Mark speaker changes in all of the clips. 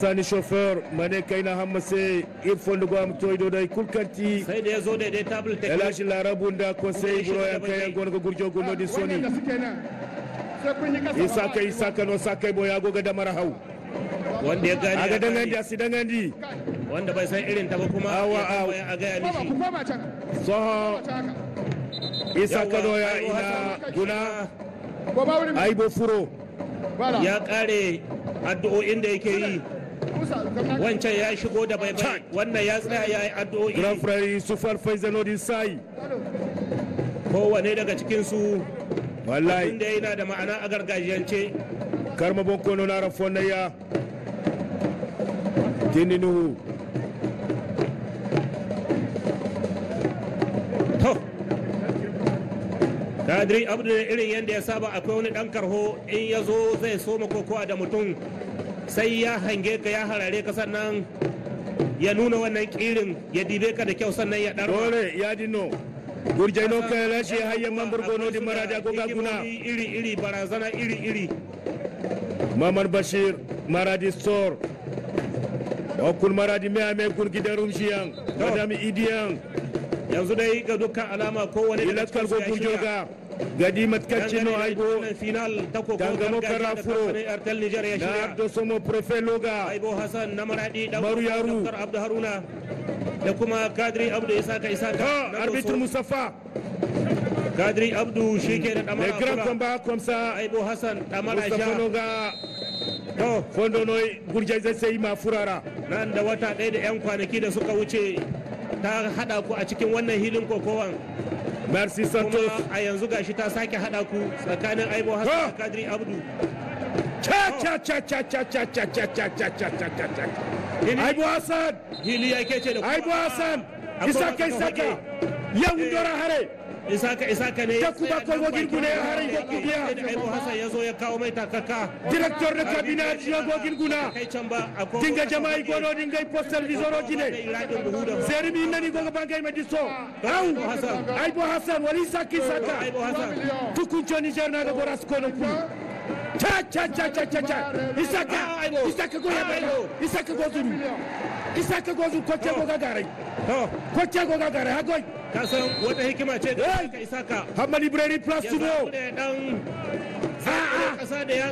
Speaker 1: sani chauffeur mane hamma hammase il fonde go am do day kulkanti sai da yazo da dai table take elashi larabu da conseil bro ya kay gon ko gurjo gon di soni isa kay isa kay no sakay bo ya goga da haw wanda ya gani aga dangandi asi dangandi wanda bai san irin ta ba kuma awa awa a ga ya mishi so isa kano ya ina guna aibo furo ya kare addu'o'in da yake yi wancan ya shigo da baibai wannan ya tsaya ya yi addu'o'i grand frère sufar faizanodin sai kowane daga cikinsu wallahi inda yana da ma'ana a gargajiyance karma bonko no na rafon na ya nuhu to kadiri abu da irin yadda ya saba akwai wani dan karho in ya zo zai soma kokowa da mutum sai ya hange ka ya harare ka sannan ya nuna wannan kirin ya dibe ka da kyau sannan ya ɗaro. Dole ya dino. Gurjeno ka ya lashe hayyar man burgono di marada ko gaguna. Iri iri barazana iri iri. Maman Bashir Maradi Store. Wakul Maradi mai mai kun gidan Rumshiyan. Madami Idiyan. Yanzu dai ga dukkan alama kowane da ta ya shiga. gadi gadimat kaccino aygo dangano kara furo na ardo somo prefe loga maru yaru da kuma kadri abdu isaka isaka arbitre musaffa kadri abdu shike da damara da grand combat comme ça aibo hasan damara sha musaffa loga to fondo noy gurje zai sai ma furara nan da wata ɗaya da yan kwanaki da suka wuce ta hada ku a cikin wannan hilin kokowan merci Santos a yanzu gashi ta sake haɗa ku tsakanin Aibo Hassan da Kadri Abdu. Aibo Hassan! Hili ya da kuma. Aibo Hassan! Isa kai saka! hare! isaka isaka ne ya kuma kolgo gingune harin ko kubiya aibu hasan yazo ya kawo mai takaka direktor na cabinet ya go ginguna dinga jama'i gono dinga postal visoro jine seri mi nani go bangai ma diso au aibu hasan wali saki saka tukunco niger na go ras kono ku Cha cha cha cha cha cha. Isaka Isaka go yabelo. Isaka go zuru. Isaka go zuru go gagare. To go gagare ha goy. Ka san wata hikima ce da Isaka Hamma library plus A'a kasa ah, ah. da ya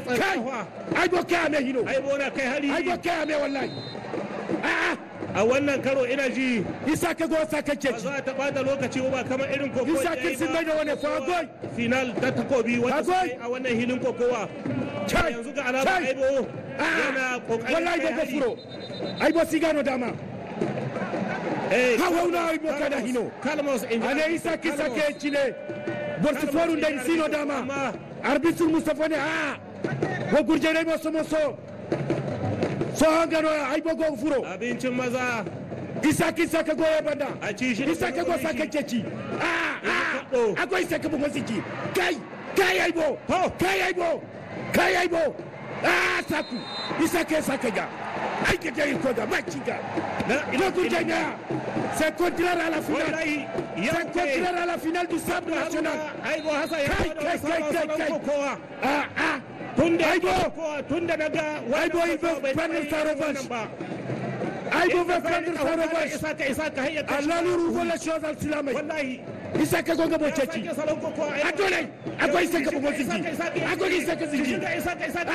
Speaker 1: Ai kai hino. Ai kai Ai kai wallahi. A'a ah, a wannan karo ina ji isa ka go sa kake ci za ta bada lokaci ba kamar irin koko isa kin sun daga wani fa final ta takobi wanda a wannan hilin kokowa yanzu ga alama aibo ah. yana kokari wallahi da furo aibo sigano dama hawauna eh, aibo kada hino kalmos ane isa kisa ke chile bortiforu ndani sino dama arbitru ne ha ah. wo gurjere mo so so an gano ai bagon furo abincin maza isa ki saka goye banda a ci shi isa ka go saka agora a a akwai saka bugo siki kai kai ai bo kai ai bo kai ai bo Ah saku isa ke saka ga ai ke dai ko da maci ga ina ku janya c'est contraire à la finale c'est contraire à la final du sable national ai go hasa ya kai kai kai kai a a tunda aibo tunda daga aibo ibe fenir sarovash aibo ibe fenir sarovash isaka isaka hayya Allah nuru wala shazal silamai wallahi isaka gonga bochachi atole ako isaka boboziki ako isaka ziki isaka isaka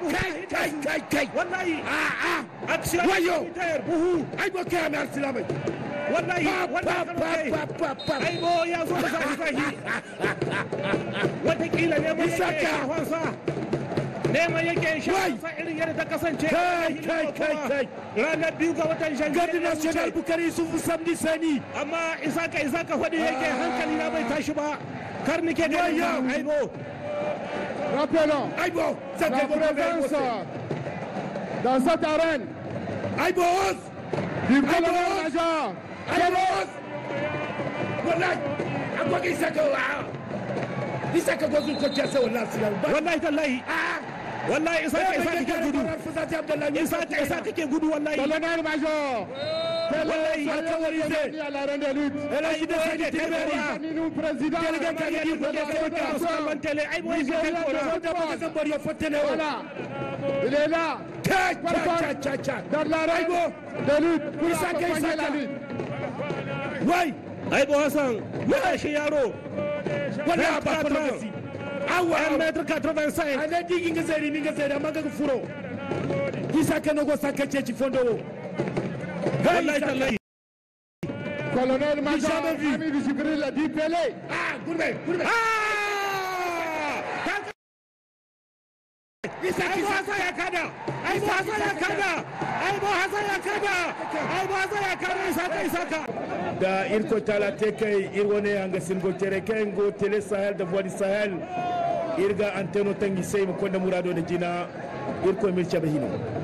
Speaker 1: kai kai kai kai wallahi ah ah wayo aibo kame al silamai wallahi wallahi aibo ya zo da sahihi shakka neman yake shafa irin yadda ta kasance kai kai kai kai ranar biyu ga watan janvier gadi national bukari sun fi samdi sani amma isaka isaka faɗi yake hankali na bai tashi ba kar nike gani aibo Rappelons Aibo, cette la présence dans cette arène Aibo du colonel Major Aibo Aibo Aibo Aibo Aibo isa ka gwazin kwanciya sai wallahi silawu wallahi tallahi ah. wallahi isa ka isa kake gudu isa ka isa kake gudu wallahi wallahi majo wallahi alkawari zai yana sai da kai ka so ban tele ai mu ya wala cha cha cha cha la isa ka isa wai wai shi yaro wanapatrasi awa mètre 85 ana digi nga seri mi nga seri amanga ko furo isaka no go saka ce ci fondo wo wallahi tallahi colonel maga ami du jibril di pelé ah gourbe gourbe ah! Isaki sasa ya kada, aibu hasa ya kada, aibu hasa ya kada, aibu isaka isaka. da irkotala te kai a hanga singo tere ngo tele sahel da voie du sahel irga anteno tangi sey mo konda murado de jina irko mirca be